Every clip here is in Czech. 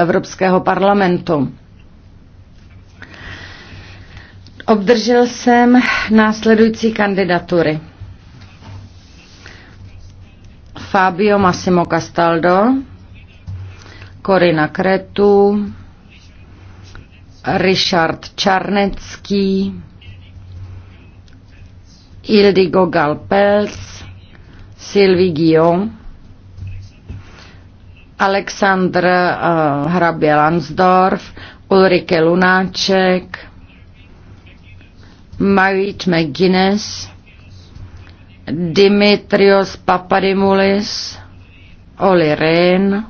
Evropského parlamentu. Obdržel jsem následující kandidatury. Fabio Massimo Castaldo, Corina Kretu, Richard Čarnecký, Ildigo Galpels, Sylvie Guillaume, Aleksandr uh, eh, Hrabě Lansdorf, Ulrike Lunáček, Marit McGuinness, Dimitrios Papadimulis, Oli Rehn,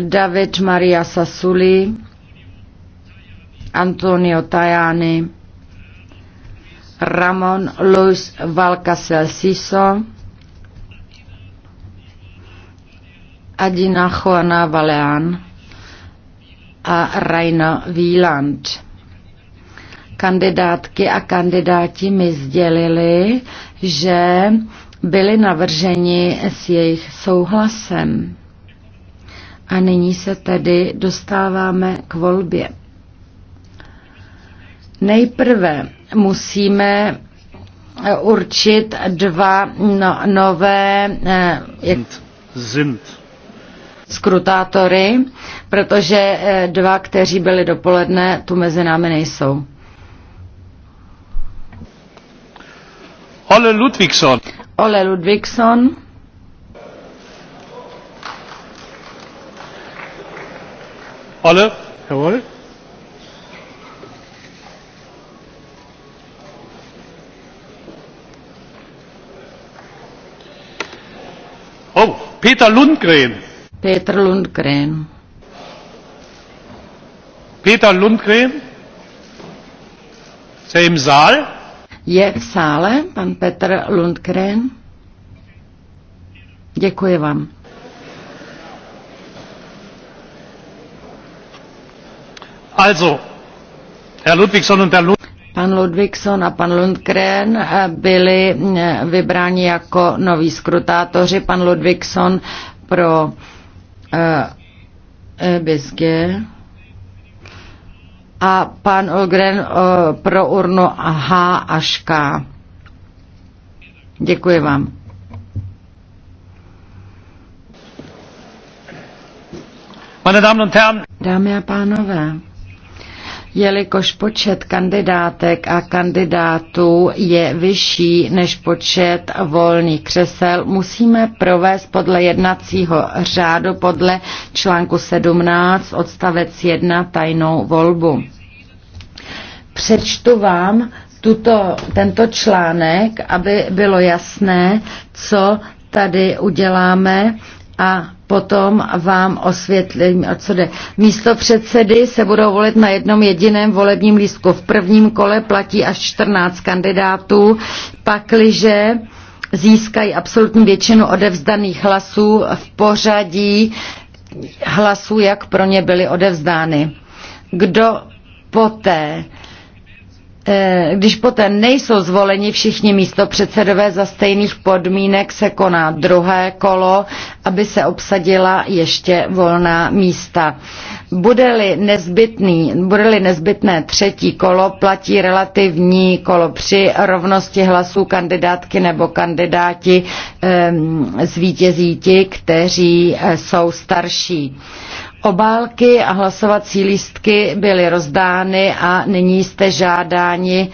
David Maria Sassuli, Antonio Tajani, Ramon Luis Valcasel Siso, Adina Juana Valeán a Raina Wieland. Kandidátky a kandidáti mi sdělili, že byli navrženi s jejich souhlasem. A nyní se tedy dostáváme k volbě. Nejprve musíme eh, určit dva no, nové... Eh, jak... Sind skrutátory, protože eh, dva, kteří byli dopoledne, tu mezi námi nejsou. Ole Ludvíkson. Ole Ludvíkson. Ole, Jawohl. Oh, Peter Lundgren. Peter Lundgren. Peter Lundgren? Se im sál? Je v sále pan Petr Lundgren? Děkuji vám. Also, Herr Ludwigson und Herr Lund Pan Ludvíkson a pan Lundgren eh, byli eh, vybráni jako noví skrutátoři. Pan Ludvíkson pro EBSG a pan Olgren eh, pro urnu H až K. Děkuji vám. Dámy a pánové, jelikož počet kandidátek a kandidátů je vyšší než počet volných křesel, musíme provést podle jednacího řádu podle článku 17 odstavec 1 tajnou volbu. Přečtu vám tuto, tento článek, aby bylo jasné, co tady uděláme a potom vám osvětlím, a co jde. Místo předsedy se budou volit na jednom jediném volebním lístku. V prvním kole platí až 14 kandidátů, pakliže získají absolutní většinu odevzdaných hlasů v pořadí hlasů, jak pro ně byly odevzdány. Kdo poté Eh, když poté nejsou zvoleni všichni místopředsedové za stejných podmínek, se koná druhé kolo, aby se obsadila ještě volná místa. Bude-li, nezbytný, bude-li nezbytné třetí kolo, platí relativní kolo při rovnosti hlasů kandidátky nebo kandidáti ehm, zvítězí ti, kteří eh, jsou starší. Obálky a hlasovací lístky byly rozdány a nyní jste žádáni,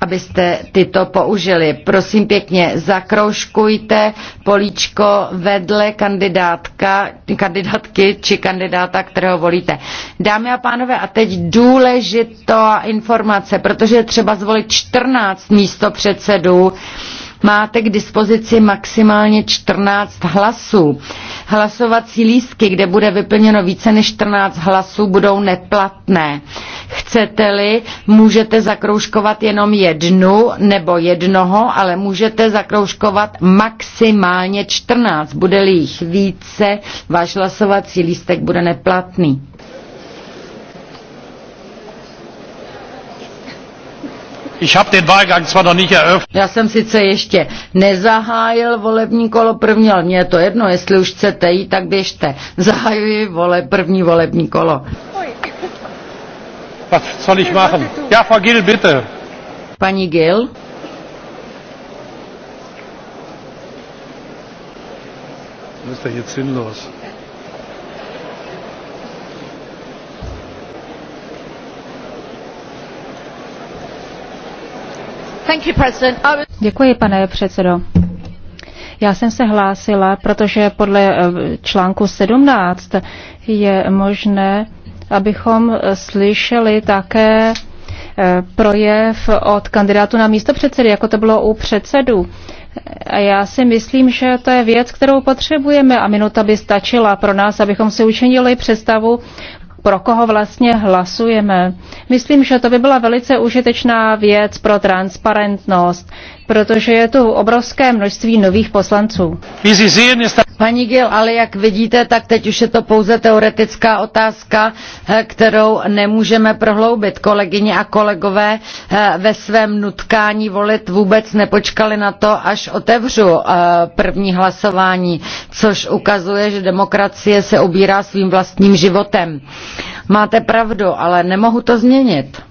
abyste tyto použili. Prosím pěkně, zakroužkujte políčko vedle kandidátka, kandidátky či kandidáta, kterého volíte. Dámy a pánové, a teď důležitá informace, protože je třeba zvolit 14 místo předsedů máte k dispozici maximálně 14 hlasů. Hlasovací lístky, kde bude vyplněno více než 14 hlasů, budou neplatné. Chcete-li, můžete zakroužkovat jenom jednu nebo jednoho, ale můžete zakroužkovat maximálně 14. Bude-li jich více, váš hlasovací lístek bude neplatný. Já jsem sice ještě nezahájil volební kolo první, ale mě je to jedno, jestli už chcete jít, tak běžte. Zahajuji vole, první volební kolo. Was soll ich machen? Ja, Frau Gill, bitte. Paní Gill. Was ist denn jetzt sinnlos? Děkuji, pane předsedo. Já jsem se hlásila, protože podle eh, článku 17 je možné, abychom slyšeli také eh, projev od kandidátu na místo předsedy, jako to bylo u předsedu. A já si myslím, že to je věc, kterou potřebujeme a minuta by stačila pro nás, abychom si učinili představu pro koho vlastně hlasujeme. Myslím, že to by byla velice užitečná věc pro transparentnost protože je tu obrovské množství nových poslanců. Paní Gil, ale jak vidíte, tak teď už je to pouze teoretická otázka, eh, kterou nemůžeme prohloubit. Kolegyně a kolegové eh, ve svém nutkání volit vůbec nepočkali na to, až otevřu eh, první hlasování, což ukazuje, že demokracie se obírá svým vlastním životem. Máte pravdu, ale nemohu to změnit.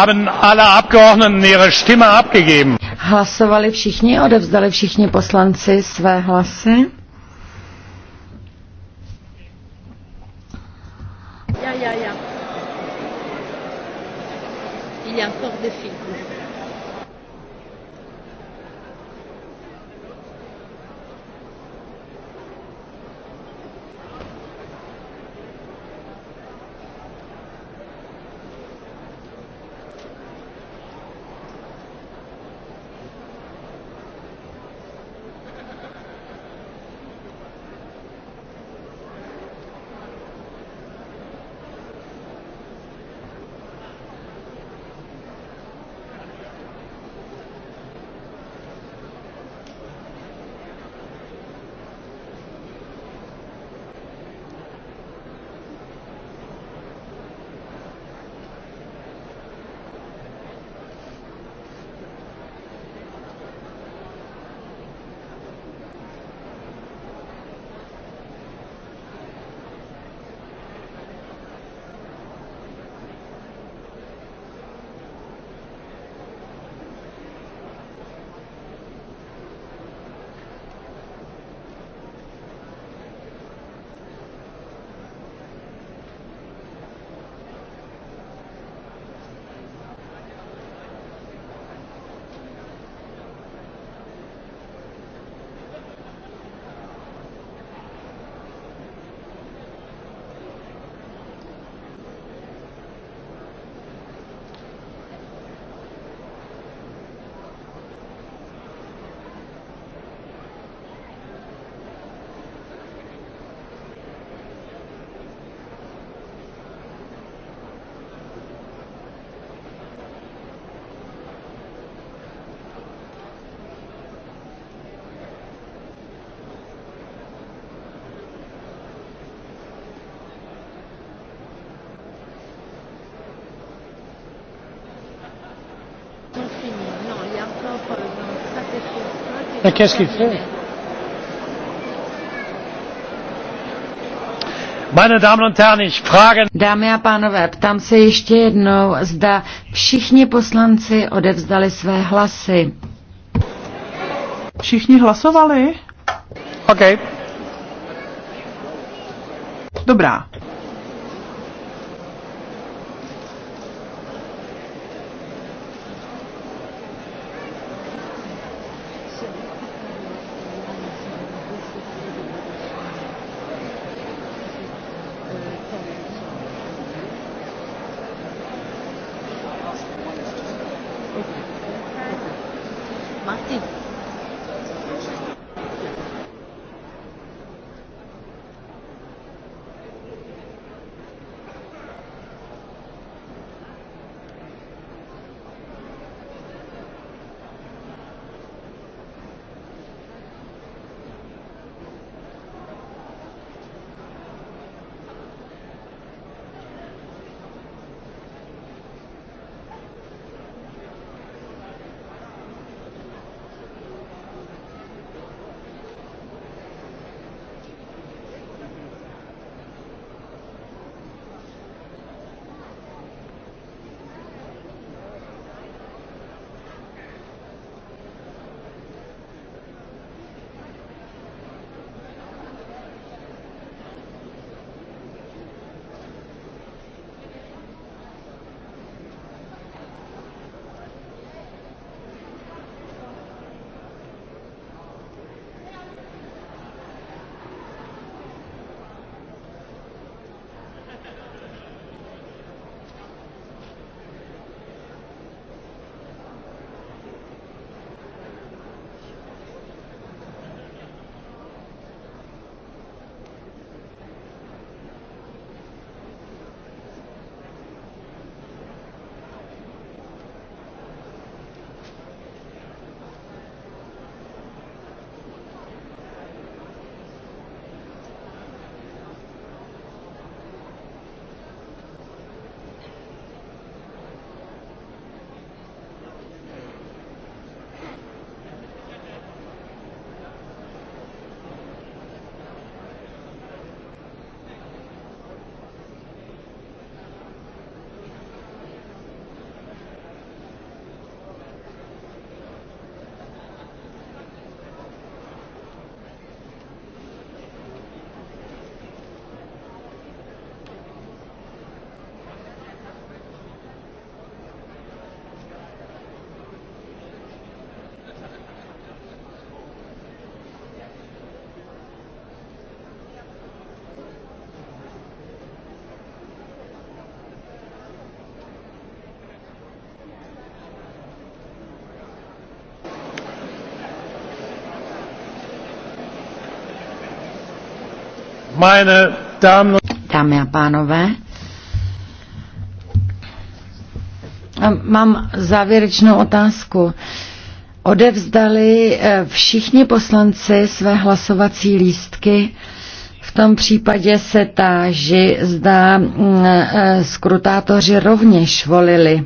Haben alle Abgeordneten ihre Stimme abgegeben? Hlasovali všichni, odevzdali všichni poslanci své hlasy? Ja, ja, ja. Il y a un fort défi. Mais qu'est-ce qu'il fait Dámy a pánové, ptám se ještě jednou, zda všichni poslanci odevzdali své hlasy. Všichni hlasovali? OK. Dobrá. Meine Damen Dámy a pánové, mám závěrečnou otázku. Odevzdali eh, všichni poslanci své hlasovací lístky? V tom případě se táži, zda mm, eh, skrutátoři rovněž volili.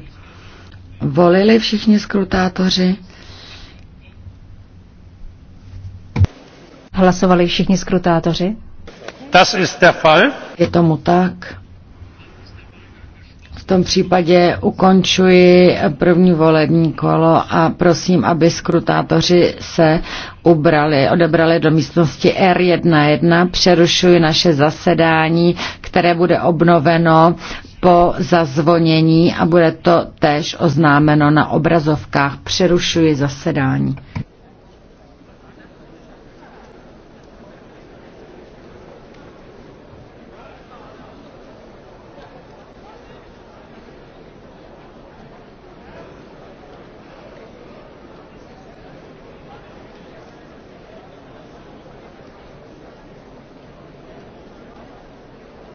Volili všichni skrutátoři? Hlasovali všichni skrutátoři? Das ist der Fall. Je tomu tak. V tom případě ukončuji první volební kolo a prosím, aby skrutátoři se ubrali, odebrali do místnosti R11. Přerušuji naše zasedání, které bude obnoveno po zazvonění a bude to též oznámeno na obrazovkách. Přerušuji zasedání.